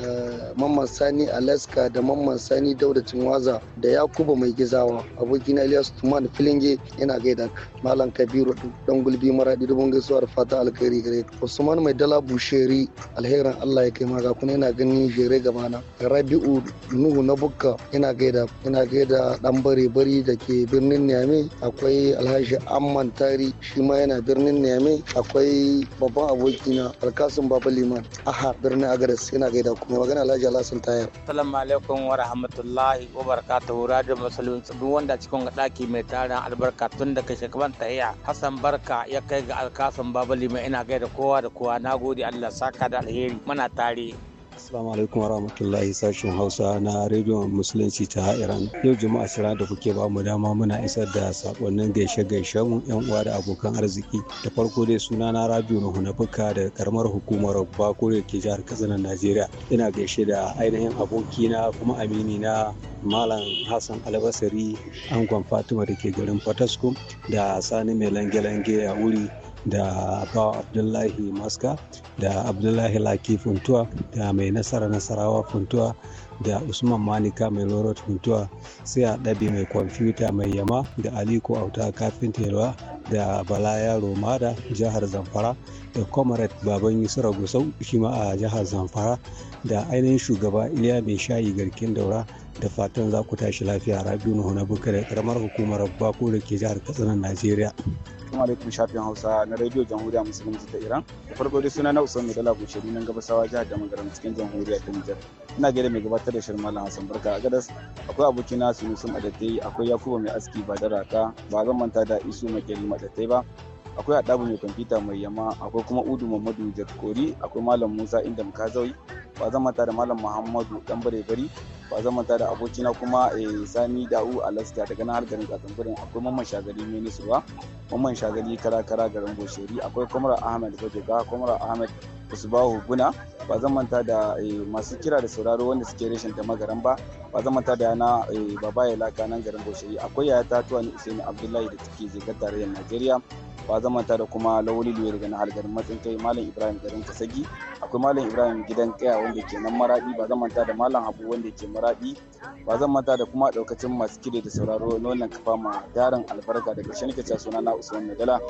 mamman sani alaska da mamman sani dauda waza da yakuba mai gizo zawa abokina alias Tuman Filinge yana gaida Malam Kabiru dan gulbi maradi dubun gaisuwar fata alkhairi gare Usman Mai Dala Busheri alherin Allah ya kai ga kuna yana gani jere gaba na Rabiu Nuhu na Bukka yana gaida yana gaida dan bare bari da ke birnin niyame akwai Alhaji Amman Tari shi ma yana birnin niyame akwai babban abokina Alkasim Baba Liman aha birnin Agares yana gaida kuma magana Alhaji Alhassan Tayar. Assalamu alaikum wa rahmatullahi wa barakatuhu radio musulmi tsibi wanda cikin ɗaki mai tarin albarka tun daga shugaban tahiya Hassan Barka ya kai ga alkasan Babali mai ina gaida kowa da kowa nagode Allah saka da alheri muna tare. Assalamu alaikum warahmatullahi sashen Hausa na Radio Musulunci ta Iran. Yau juma'a shirin da kuke ba mu dama muna isar da sakonnin gaishe gaishe mu yan uwa da abokan arziki. Da farko dai suna na Rabiu na Hunafuka da karamar hukumar Bako da ke jihar Katsina Najeriya. Ina gaishe da ainihin abokina kuma amini na Malam Hassan Albasari Angon Fatima da ke garin Fataskum da Sani Mai Lange-Lange a wuri da ba abdullahi maska da abdullahi laki funtuwa da mai nasara nasarawa funtuwa da usman manika mai lorot funtuwa sai a ɗabi mai kwamfuta mai yama da aliko auta kafin yalwa da bala yaro mada jihar zamfara da comrade baban yusra gusau shi ma a jihar zamfara da ainihin shugaba iliya mai shayi garkin daura da fatan za ku tashi lafiya rabiu nuhu na da karamar hukumar bako da ke jihar katsina najeriya da kuma shafin Hausa na Radio Jamhuriya Musulunci ta Iran. Da farko dai suna na Usman Dala Bushiri nan gabasawa jihar da magaram cikin Jamhuriya ta Nijar. Ina gaida mai gabatar da shirin Malam Hassan Barka a Gadas. Akwai abokina Sunusun Adatai, akwai yakubo mai aski ba da raka, ba zan manta da Isu Makeri Madatai ba. Akwai Adabu mai kwamfuta mai yama, akwai kuma Udu Mamadu Jakori, akwai Malam Musa Inda Mukazawi, ba zan manta da malam muhammadu dan bare-bari ba zan manta da abokina kuma eh, sani da'u alaska daga nan har garin katsambirin akwai mamman shagali mai ba mamman shagali kara-kara garin goshori akwai kwamra ahmed bajoga kwamra ahmed usbahu guna ba zan manta da eh, masu kira da sauraro wanda suke reshen da magaran ba ba zan manta da yana eh, baba ya nan garin goshori akwai yaya tatuwa ni usaini abdullahi da take zikar tarayyar najeriya ba zamanta da kuma lawali luwe daga nahar garin matsin kai malam ibrahim garin kasagi akwai malam ibrahim gidan kaya wanda ke nan maradi ba zamanta da malam habu wanda ke maradi ba zamanta da kuma daukacin masu kire da sauraro nonon kafa ma darin albarka daga shanika suna na usman nadala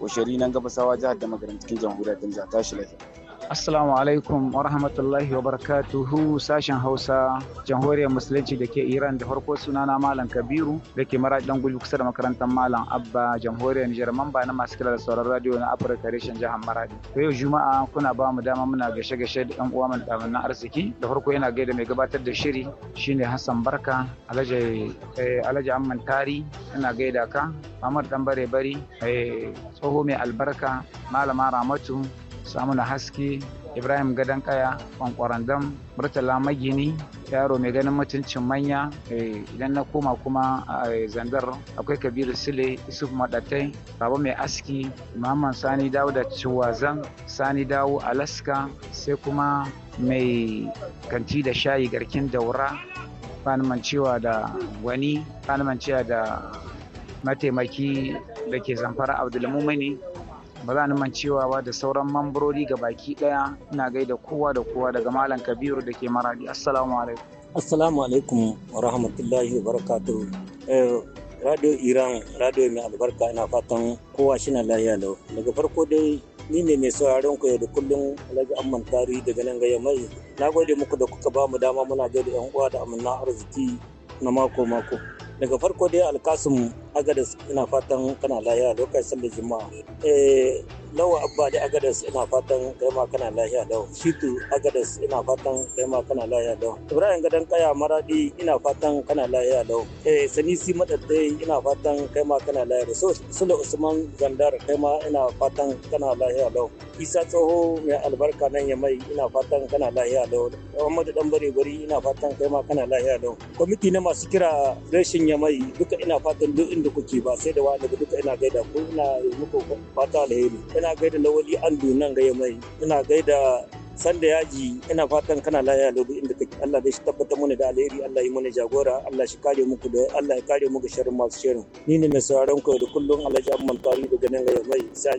washari nan gabasawa jihar da magarin cikin jamhuriyar ta tashi lafiya Assalamu alaikum wa rahmatullahi wa barakatuhu sashen Hausa jamhuriyar musulunci da ke Iran da farko sunana Malam Kabiru da ke dan gulu kusa da makarantar Malam Abba jamhuriyar Nijar mamba na masu kira da sauran radio na Africa reshen jihar Maradi. To yau Juma'a kuna ba mu dama muna gashe gashe da ƴan uwa mun da na arziki da farko yana gaida mai gabatar da shiri shine Hassan Barka Alhaji eh, Alhaji Amman Tari ina gaida ka Ahmad Dan Bari eh, tsoho mai albarka Malama Ramatu samuna haske ibrahim gadon kaya dam murtala magini yaro mai ganin mutuncin manya eh, idan na koma kuma a zandar akwai kabiru sile isuf madatai rabo mai aski maman sani dawo da ciwazan sani dawo alaska sai kuma mai kanti da shayi garkin daura fanuman cewa da wani. fanuman cewa da mataimaki da ke zamfara abdulmumini ba za ni mancewa ba da sauran mambarori ga baki daya ina gaida kowa da kowa daga malam kabiru da ke maradi assalamu alaikum assalamu alaikum wa rahmatullahi wa barakatuhu eh, radio iran radio mai albarka ina fatan kowa shina lahiya lau daga farko dai ni ne mai sauraron ku da kullum alhaji amman tarihi daga nan gaya mai na gode muku da kuka ba mu dama muna gaida yan uwa da amina arziki na mako mako daga farko dai alkasum agadis ina fatan kana lahiya lokacin da juma'a eh, lawa abba da agadas ina fatan kai ma kana lahiya lau shitu agadas ina fatan kai ma kana lahiya lau ibrahim gadan kaya maradi ina fatan kana lahiya lau eh sanisi madaddai ina fatan kai ma kana lahiya lau sule usman gandar kai ma ina fatan kana lahiya lau isa tsoho mai albarka nan ya mai ina fatan kana lahiya lau muhammadu dan bare bari ina fatan kai ma kana lahiya lau kwamiti na masu kira reshin ya mai duka ina fatan duk inda kuke ba sai da wani duka ina gaida ku ina muku fata alheri ina gaida lawali andu nan gaya mai ina gaida sanda yaji ina fatan kana lafiya lobi inda kake Allah dai tabbata mana da alheri Allah yi mana jagora Allah shi kare muku da Allah ya kare muku sharrin masu sharrin ni ne mai sauraron ku da kullum Alhaji Amman Tari daga nan raya mai sai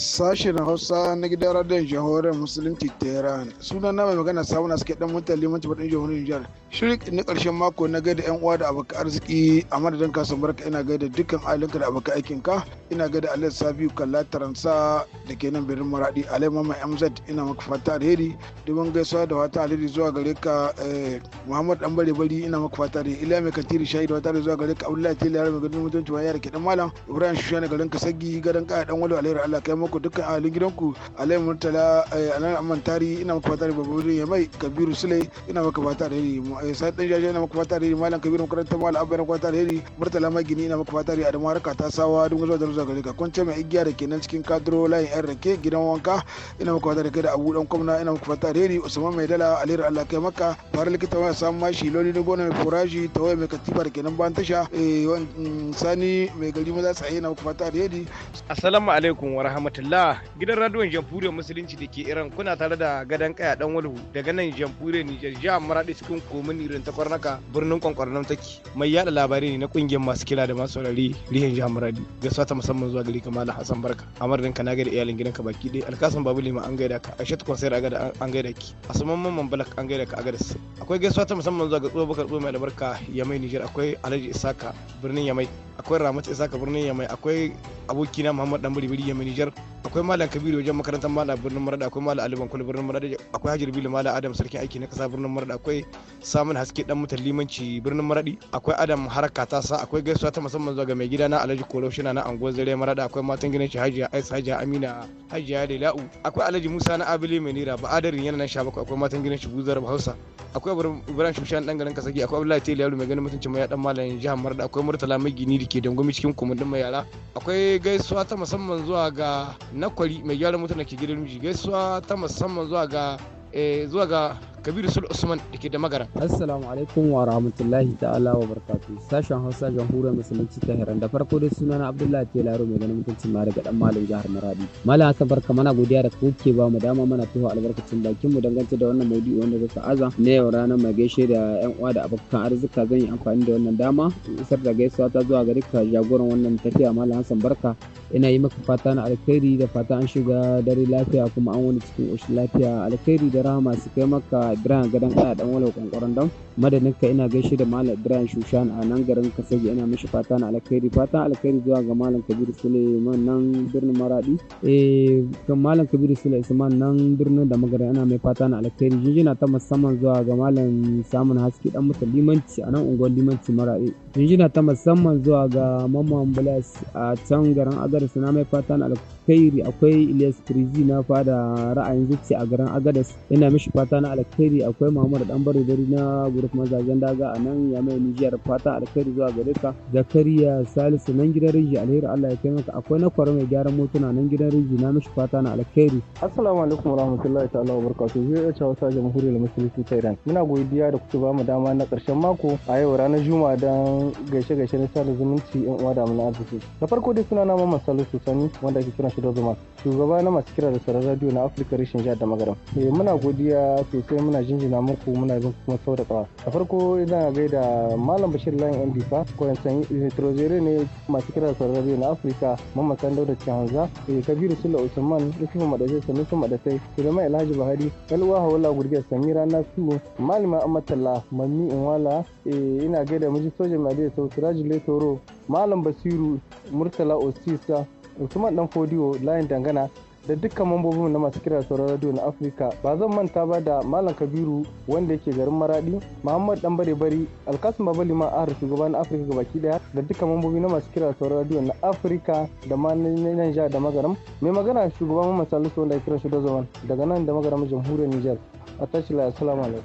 sashe na Hausa na gidan radiyon jihohar Musulunci Tehran. Suna na mai magana samun na suke dan mutan liman baɗin jihohar jihar Shirik na ƙarshen mako na gaida yan uwa da abokan arziki a madadin kasan barka ina gaida dukkan ahalinka da abokan aikinka. Ina gaida Alhaji Sabiu Kalla Taransa da ke nan birnin Maradi alai Mama MZ ina maka fata alheri. domin gaisuwa da wata alheri zuwa gare ka eh, Muhammad Dan Bare Bari ina maka fata alheri. Ila mai katiri shahid wata alheri zuwa gare ka Abdullahi Tela mai gudun mutunci wani yara ke dan malam Ibrahim Shushana garin Kasagi garin Kaya dan Walo alheri Allah kai muku dukkan ahalin gidanku alayhi murtala eh, anan amman tari ina muku fata da babban ya mai kabiru sule ina muku fata da yari eh, sai dan jaje ina muku fata da yari malam kabiru makarantar malam abba ina muku fata da yari murtala mai gini ina muku fata da adamu harka ta sawa dun zuwa da zuwa gare ka ce mai igiya da kenan cikin kadro layin yan rake gidan wanka ina muku fata da kai da abu dan kwamna ina muku fata da yari usman mai dala alheri allah kai maka fara likita wani samun mashi loli na gona mai furaji ta waya mai katifa da kenan ban tasha eh, mm, sani mai gari maza tsaye ina muku fata da yari assalamu alaikum wa rahmatullahi rahmatullah gidan radiyon jamhuriyar musulunci da ke iran kuna tare da gadon kaya dan walhu daga nan jamhuriyar nijar jihar maradi cikin komin irin ta kwarnaka birnin kwankwarnan take mai yada labarai ne na kungiyar masu kira da masu saurari rihin jihar maradi gaisuwa ta musamman zuwa gari kamar hassan barka amarin ka naga da iyalin ka baki dai alkasan babu lima an gaida ka aisha tukwan sayar da an gaida ki asuman mamman balak an gaida ka su. akwai gaisuwa ta musamman zuwa ga tsohon bakar mai albarka yamai nijar akwai alhaji isaka birnin yamai akwai ramat isaka birnin yamai akwai abokina muhammad dan biribiri yamai nijar akwai malam kabiru wajen makarantar mala birnin marada akwai malam aliban kula birnin marada akwai Hajji bilu malam adam sarkin aiki na kasa birnin marada akwai samun haske dan mutan limanci birnin maradi akwai adam haraka ta sa akwai gaisuwa ta musamman zuwa ga mai gida na alhaji kolo shina na anguwar zare marada akwai matan ginin shi hajiya aisa hajiya amina da la'u akwai alhaji musa na abili mai nira ba adarin yana nan shabaka akwai matan ginin shi guzar hausa akwai ibrahim shushan dan garin kasagi akwai abdullahi tele yalu mai ganin mutuncin mai dan malam jihar marada akwai murtala mai gini ke dangwami cikin kumudin mai yara akwai gaisuwa ta musamman zuwa ga na kwari mai gyara mutane ke gidan miji gaisuwa ta musamman zuwa ga eh, zuwa ga kabiru sul usman da ke da magara assalamu alaikum wa rahmatullahi ta'ala wa barkatu sashen hausa jamhuriyar musulunci ta hiran da farko dai sunana abdullahi telaro mai ganin mutuncin ma daga dan malam jihar maradi malam haka barka mana godiya da kuke ba mu dama mana tuhu albarkacin bakin mu dangance da wannan maudu'i wanda zaka aza na yau ranar mai gaishe da yan uwa da abokan arzika zan yi amfani da wannan dama isar da gaisuwa ta zuwa gare ka jagoran wannan tafiya malam hassan barka ina yi maka fata na alkhairi da fata an shiga dare lafiya kuma an wani cikin ƙoshin lafiya alkhairi da rahama su kai maka Ibrahim gadon kaya dan wala kwankwaron dan madadin ka ina gaishe da Malam Ibrahim Shushan a nan garin Kasage ina mishi fata na alkhairi fata alkhairi zuwa ga Malam Kabiru Suleiman nan birnin Maradi eh ga Malam Kabiru Suleiman nan birnin da magana ina mai fata na alkhairi jinjina ta musamman zuwa ga Malam Samun Haske dan mutum limanci a nan unguwar limanci Maradi jinjina ta musamman zuwa ga mamman bulas a can garin agadas na mai fatan alkhairi akwai ilyas kirji na fada ra'ayin zuci a garin agadas ina mishi fata na alkhairi akwai muhammadu dan baridari na guruf mazajen daga a nan ya mai nijiyar fata alkhairi zuwa gare ka zakariya salisu nan gidan rinji alheri allah ya taimaka akwai na kwaro mai gyaran motuna nan gidan rinji na mishi fata na alkhairi assalamu alaikum warahmatullahi ta'ala wa barakatuh zai iya wata jamhuriyar musulunci ta iran muna godiya da kuke bamu dama na karshen mako a yau ranar juma'a dan gaishe-gaishe na sada zumunci yan uwa da amina arziki da farko dai suna na mamman salisu sani wanda ake kira shi da zuma shugaba na masu kira da sauran radio na afirka rishin jihar da magaram eh, muna godiya sosai muna jinjina muku muna bin kuma sau da kawa da farko ina gaida malam bashir lan yan fa ko yansan nitrogere ne masu kira da sauran radio na afirka mamman sandau da cihanza eh, kabiru sula usman yusufu madasai sanusu madadai sulaiman alhaji buhari yalwa hawala gurgiyar samira nasu malama amatalla mammi inwala eh, ina gaida miji soja ma. Sau, Siraji Letoro, Malam Basiru, Murtala Osisa, Usman Dan Fodiyo, Layin Dangana, da dukkan mambobin na masu kira sauran radio na afirka ba zan manta ba da malam kabiru wanda yake garin maradi muhammad dan bare bari alkasim babali ma ahar shugaban afirka gabaki daya da dukkan mambobi na masu kira sauran radio na afirka da ma na da magaram mai magana shugaban salisu wanda ya kira shi da zaman daga nan da magaram jamhuriyar niger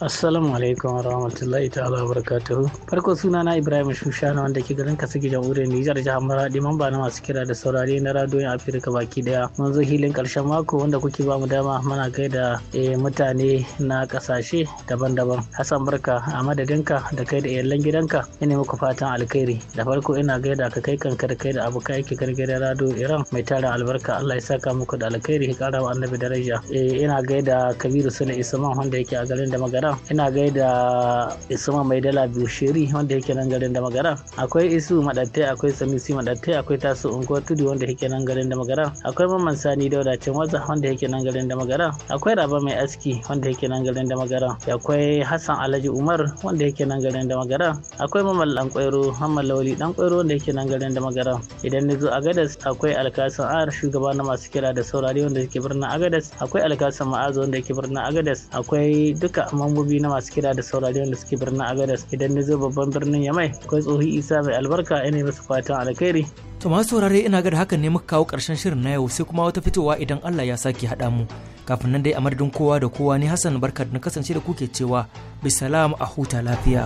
Assalamu alaikum wa rahmatullahi ta'ala ala barakatuhu. Farko suna na Ibrahim Shushana wanda ke garin gidan jamhuriyar Nijar jihar Maradi mamba na masu kira da saurari na radiyon Afirka baki daya. Mun zo hilin karshe karshen mako wanda kuke bamu mu dama muna gaida eh, mutane na kasashe daban-daban. Hassan barka a madadinka da kai da iyalan gidanka ina muku fatan alkhairi. Da farko ina gaida ka kai kanka da kai da abokai yake kan rado Iran mai tara albarka Allah ya saka muku da alkhairi ka ƙara wa annabi daraja. Eh, ina gaida Kabiru suna Isman wanda yake a garin da magana. Ina gaida isman mai dala biyu shiri wanda yake nan garin da magana. Akwai Isu Madattai akwai Sanusi Madattai akwai Tasu unguwar Tudu wanda yake nan garin da magana. Akwai Mamman Sani Dauda waza wanda yake nan garin da magara akwai Raba mai aski wanda yake nan garin da magara akwai Hassan Alhaji Umar wanda yake nan garin da magara akwai Mamal Dan Kwairo Hamman Lawali Dan Kwairo wanda yake nan garin da magara idan na zo Agadas akwai Alkasan Ar shugaba na masu kira da saurari wanda yake birnin Agadas akwai Alkasan Ma'azo wanda yake birnin Agadas akwai duka mambobi na masu kira da saurari wanda suke birnin Agadas idan na babban birnin Yamai akwai tsohi Isa mai albarka ina masa fatan alkhairi To masu saurare ina ga da hakan ne muka kawo ƙarshen shirin na yau sai kuma wata fitowa idan Allah ya sake haɗa mu. Kafin nan dai a madadin kowa da kowa ne Hassan barkat na kasance da kuke cewa bisalam a huta lafiya.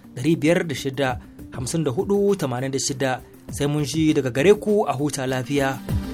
da 86 sai mun shi daga gare ku a huta lafiya.